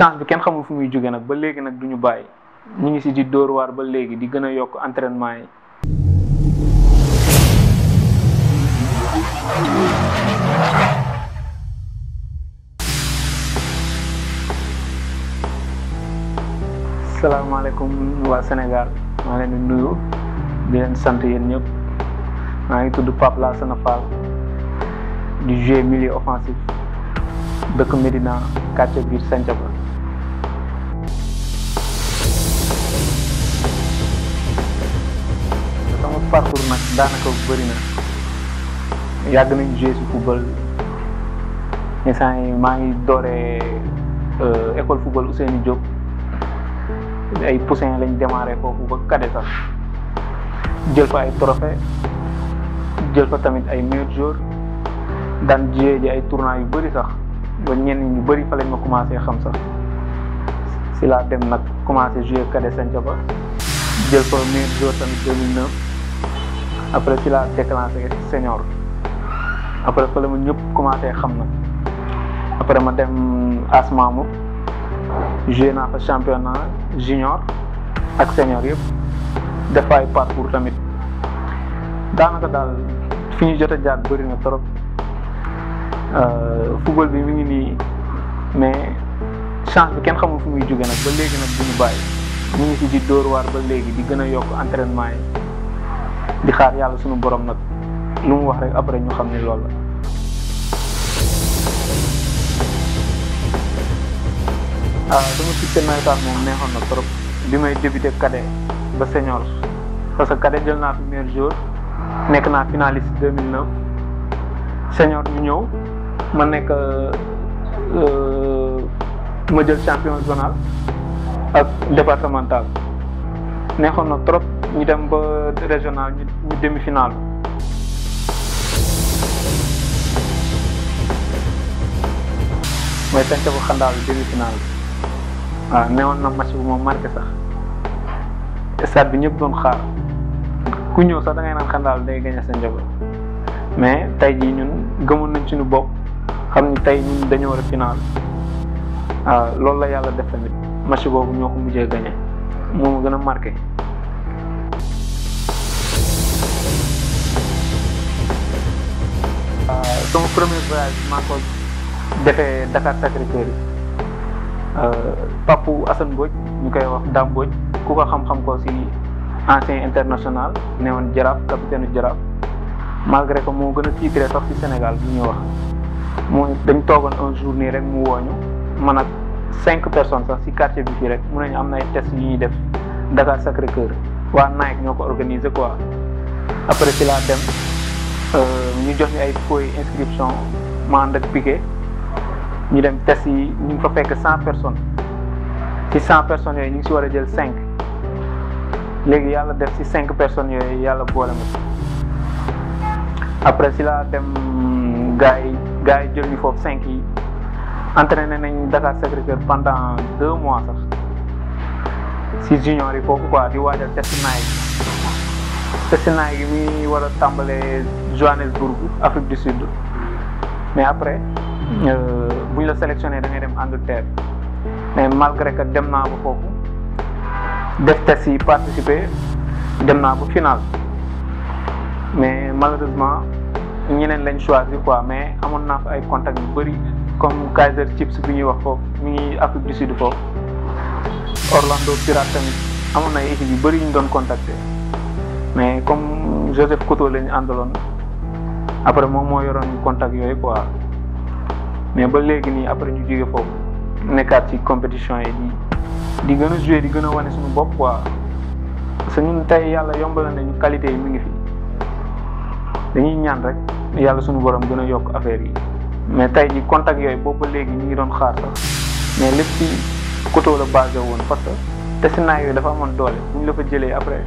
chance bi kenn xamul fu muy jóge nag ba léegi nag du ñu bàyyi ñu ngi si di dóor waar ba léegi di gën a yokk entraînement yi. salaamaaleykum waa Sénégal maa leen nuyu di leen sant yéen ñëpp maa ngi tudd Pape Lassana Fall di jouer milieu offensif dëkk Médina quartier biir Sandiaba sama parcours nag daanaka bëri na yàgg nañ joué si football instant yi maa ngi dooree euh, école football Ousseynou jóg ay poussin lañ démarré foofu ba cadet sax jël fa ay trophée jël fa tamit ay meilleur joueur daan joué ji ay tournois yu bëri sax ba ñenn ñu bëri fa lañ ma commencé xam sax si laa dem nag commencé joué cadet Sandiaba jël fa meilleur joueur tamit 2009 après ci laa déclenché senior après fa la ma ñëpp commencé xam na après ma dem Asmamou joué naa fa championnat junior ak senior yëpp def fa ay parcours tamit daanaka daal fi ñu jot a jaar bëri na trop euh, football bi mi ngi nii mais chance bi kenn xamul fu muy jóge nag ba léegi nag bu ñu bàyyi ñu ngi si di dóor waar ba léegi di gën a yokk entraînement yi. di xaar yàlla suñu borom nag lu mu wax rek après ñu xam ni lool la. waaw sama succès nawetaan moom neexoon na trop bi may débuté cadet ba senior parce que cadet jël naa fi meilleur nekk naa finaliste 2009 senior ñu ñëw ma nekk euh, ma jël champion zonal ak départemental. neexoon na trop ñu dem ba régional ñu demi-finale. mooy fente bu xandaal demi-finale bi waaw newoon na match bu ma marqué sax stade bi ñëpp doon xaar ku ñëw sax da naan xandaal day gañe sa mais tey jii ñun gëmoon nañ suñu bokk xam ni tey ñun dañoo war a final waaw loolu la yàlla def tamit match boobu ñoo ko mujjee gañe moo ma gën a marqué. Euh, sama premier voyage maa ko defee Dakar Sacré-Cœur euh, Papu Assane ñu koy wax Dame Mbodj ku ko xam-xam ko si ancien international ne woon Jaraaf capitaine Jaraaf malgré que moo gën a tiitré sax si Sénégal bi ñuy wax mooy dañ toogoon un jour rek mu wooñu man ak cinq personnes sax si quartier bi fii rek mun nañu am na ay tests ñuy def Dakar Sacré Cœur waa Nike ñoo ko organisé quoi après si laa dem euh, ñu jox ñu ay feuille inscription ma ànd ak piquet ñu dem test yi ñu ngi fa fekk cent personnes ci cent personnes yooyu ñu ngi si war a jël cinq léegi yàlla def si cinq personnes yooyu yàlla boole ma après si laa dem gars yi gars yi jël ñu foofu cinq yi. entraîné nañ Dakar Sacré-Cœur pendant deux mois sax si junior yi foofu quoi di waajal test naay test naay gi muy war a tàmbalee Johannesburg Afrique du Sud mais après euh, bu ñu la sélectionné da dem Angleterre mais malgré que dem naa ba foofu def test participer dem naa ba final mais malheureusement ñeneen lañ choisir quoi mais amoon naa fa ay contacts yu bëri. comme Kaiser Chiefs bi ñuy wax foofu mu ngi Afrique du Sud foofu Orlando Pirates tamit amoon na ay yu bëri ñu doon contacter mais comme Joseph Koto la ñu àndaloon après moom moo yoroon contact yooyu quoi mais ba léegi nii après ñu jóge foofu nekkaat ci compétition yi di gën a jouer di gën a wane suñu bopp quoi parce que ñun tey yàlla yombal nañu qualité yi mi ngi fi dañuy ñaan rek yàlla suñu borom gën a yokk affaire yi. mais tey ñi contact yooyu boobu ba léegi ñu ngi doon xaar sax mais lépp ci couteau la basé woon parce que testinaa yooyu dafa amoon doole bu ñu la ko jëlee après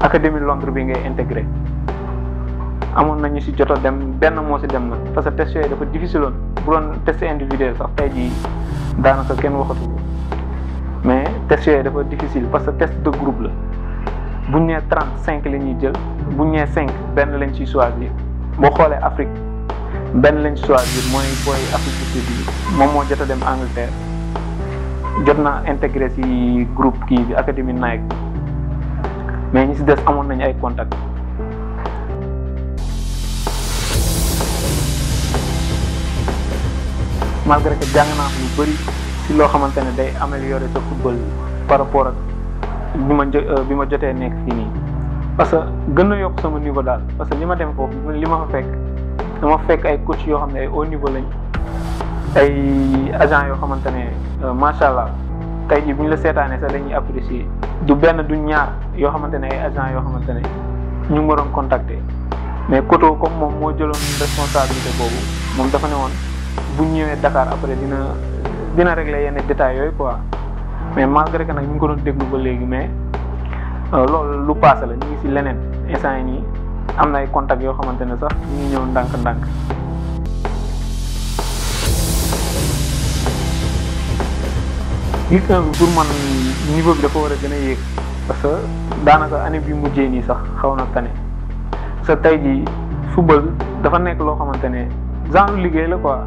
académie Londres bi ngay intégré amoon nañu si joto a dem benn moo si dem na parce que test yooyu dafa difficile woon bu doon test individuel sax tey jii daanaka kenn waxatu ko mais test yooyu dafa difficile parce que test de groupe la bu ñu nee trente cinq la ñuy jël bu ñu nee cinq benn lañ ciy choisir boo xoolee Afrique. benn lañ choisir mooy booy Afrique du Sud yi moom moo jot a dem Angleterre jot na intégré ci groupe kii bi académie Nike mais ñi ci des amoon nañu ay contact malgré que jàng naa lu bëri ci loo xamante ne day améliorer sa football par rapport ak bi ma euh, bi ma jotee nekk fii nii parce que gën na yokk sama niveau daal parce que li ma dem foofu li ma fa fekk. dama fekk ay coach yoo xam ne ay haut niveau lañ ay agent yoo xamante ne euh, macha allah tey jii bu ñu la seetaanee sax dañuy apprécier du benn du ñaar yoo xamante ne ay agent yoo xamante ne ñu ngi waroon contacter mais Koto comme moom moo jëloon responsabilité boobu moom dafa ne woon bu ñu ñëwee Dakar après dina dina régler yenn détails yooyu quoi mais malgré que nag ñu ngi ko doon déglu ba léegi mais euh, loolu lu paase la ñu ngi si leneen instant yi nii am na ay contacts yoo xamante ne sax ñu ñëw ndànk-ndànk gis na bi pour man niveau bi dafa war a gën parce que daanaka année bi mu jee nii sax xaw na tane sa tey jii football dafa nekk loo xamante ne genre liggéey la quoi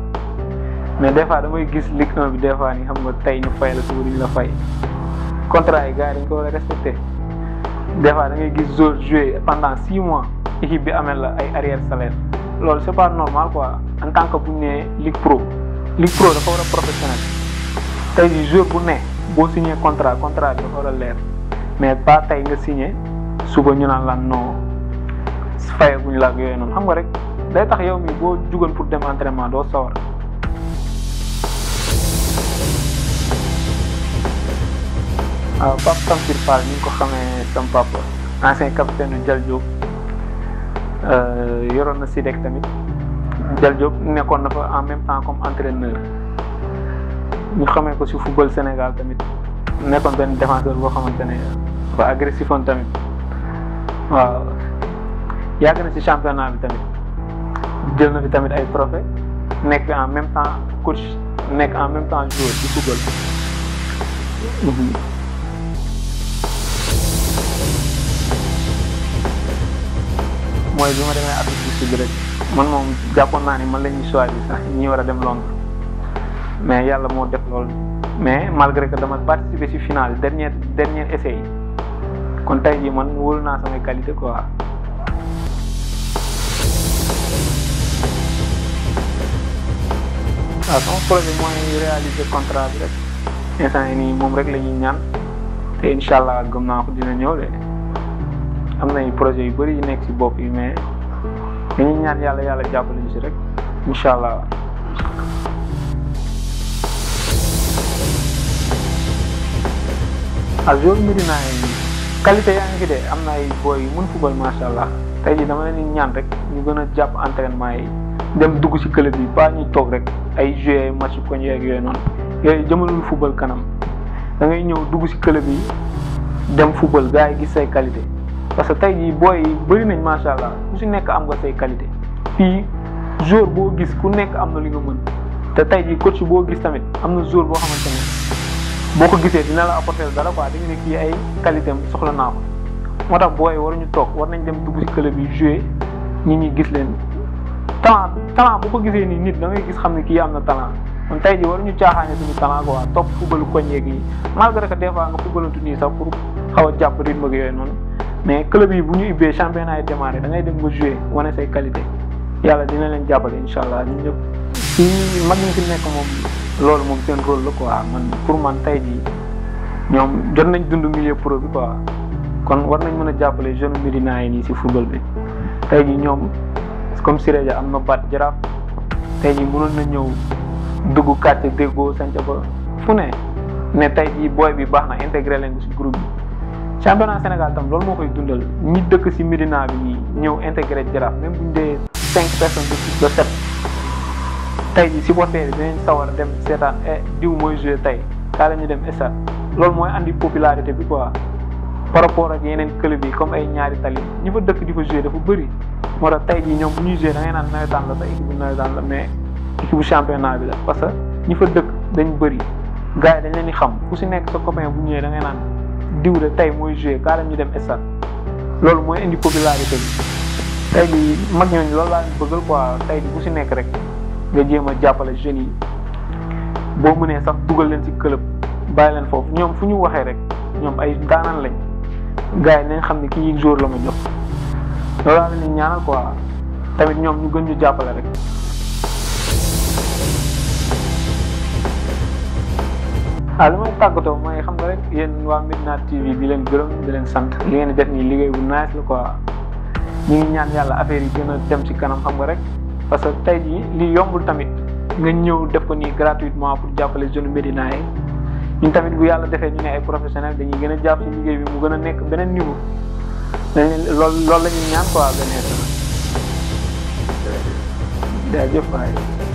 mais des fois damay gis Ligue bi des fois ni xam nga tey ñu fay la suba duñu la fay contrat yi gars yi dañ ko war a respecté des fois da ngay gis jouer pendant six mois équipe bi amel la ay arrière salaire loolu c'est pas normal quoi en tant que bu ñu nee ligue pro ligue pro dafa war a professionnel tey jii joueur bu ne boo signé contrat contrat dafa war a leer mais pas tey nga signé suba ñu naan lan non fayaguñ la ak yooyu noonu xam nga rek day tax yow mi boo jugoon pour dem entraînement doo sawar. waaw ah, Pape Tamsir Fall ni nga ko xamee sama papa ancien capitaine du Jal Diop Euh, yoroon na SIDEC tamit Jal Diop nekkoon na fa en même temps comme entraîneur ñu xamee ko si football Sénégal tamit nekkoon benn défenseur boo xamante ne ba agressifoon tamit waaw yàgg na si championnat bi tamit jël na fi tamit ay trophées nekk fi en même temps coach nekk en même temps joueur ci football. mooy bi ma demee agriculture bi rek man moom jàppoon naa ni man la ñuy choisir sax ñi war a dem Londres mais yàlla moo def lool mais malgré que dama si ci final dernier dernier essai yi kon tey jii man wóolu naa samay qualité quoi. waaw ah, sama projet mooy réaliser contrat bi rek instant yii nii moom rek la ñuy ñaan te incha allah gëm naa ko dina ñëw de. am nañu projet yu bari yu nekk ci bopp yi mais dañuy ñaan yàlla yàlla jàppale ñu si rek incha allah. aljor ah, Medina yi qualité yaa ngi fi de am na ay booy yu mën football macha allah tey jii dama leen ñaan rek ñu gën a jàpp entraînement yi dem dugg ci club yi ba ñuy toog rek ay joué ay match koñ yeeg yooyu noonu yooyu jëmalul football kanam da ngay ñëw dugg si club yi dem football gars yi gis say qualité. parce que tey jii booy yi bëri nañ macha allah ku si nekk am nga say qualité fii jour boo gis ku nekk am na li nga mën te tey jii coach boo gis tamit am na jour boo xamante ne boo ko gisee dina la apporter dara quoi dañu ne kii ay qualité am soxla naa ko moo tax booy ñu toog war nañ dem dugg si club yi jouer ñi ñuy gis leen talent talent bu ko gisee nii nit da ngay gis xam ne kii am na talent kon tey jii waruñu caaxaane suñu talent quoi topp football koñ yeeg yi malgré que des fois nga footballantu nii sax pour xaw a jàpp rythme noonu mais club yi bu ñu ubbee championnat yi démarré da ngay dem nga jouer wane say qualité yàlla dina leen jàppale incha allah ñun ñëpp ci mag ñi fi nekk moom loolu moom seen rôle la quoi man pour man tey jii ñoom jot nañ dund milieu pro bi kon war nañ mën a jàppale jeune Médina yi nii si football bi tey jii ñoom comme Sirédia am na baat jaraaf tey jii mënoon na ñëw dugg quartier déggoo sanca ba fu ne ne tey jii booy bi baax na intégré leen si groupe bi championnat Sénégal tam loolu moo koy dundal ñi dëkk ci Médina bi ñi ñëw intégré Jaraaf même bu ñu dee cinq personnes de six de sept tey ji supporters yi dinañ sawar a dem seetaan e diw mooy joué tey kaa ñu dem stade loolu mooy andi popularité bi quoi par rapport ak yeneen club yi comme ay ñaari tali ñi fa dëkk di fa joué dafa bëri moo tax tey ji ñoom bu ñuy joué da ngay naan nawetaan la te équipe bu la mais équipe championnat bi la parce que ñi fa dëkk dañ bëri gars yi dañ leen di xam ku ci nekk sa copain bu ñëwee da ngay diw de tey mooy joué gaaram ñu dem stade loolu mooy indi popularité bi tey di mag ñooñu loolu laa bëggal quoi tey di bu si nekk rek nga jéem a jàppale jeunes yi boo mënee sax dugal leen ci club bàyyi leen foofu ñoom fu ñu waxee rek ñoom ay daanaan lañ gars nañ xam ne kii jour la ma jox loolu laa leen ñaanal quoi tamit ñoom ñu gën ñu jàppale rek. waaw li may tàggatoo mooy xam nga rek yéen waa Midnight TV bi leen gërëm di leen sant ngeen di def liggéey bu nice la quoi ñu ngi ñaan yàlla affaire yi gën a dem ci kanam xam nga rek parce que tey jii li yombul tamit nga ñëw def ko nii gratuitement pour jàppale jeune Médina yi ñun tamit bu yàlla defee ñu ne ay professionnels dañuy gën a jàpp ci liggéey bi mu gën a nekk beneen niveau lool leen lool loolu la ñuy ñaan quoi beneen. jaajëf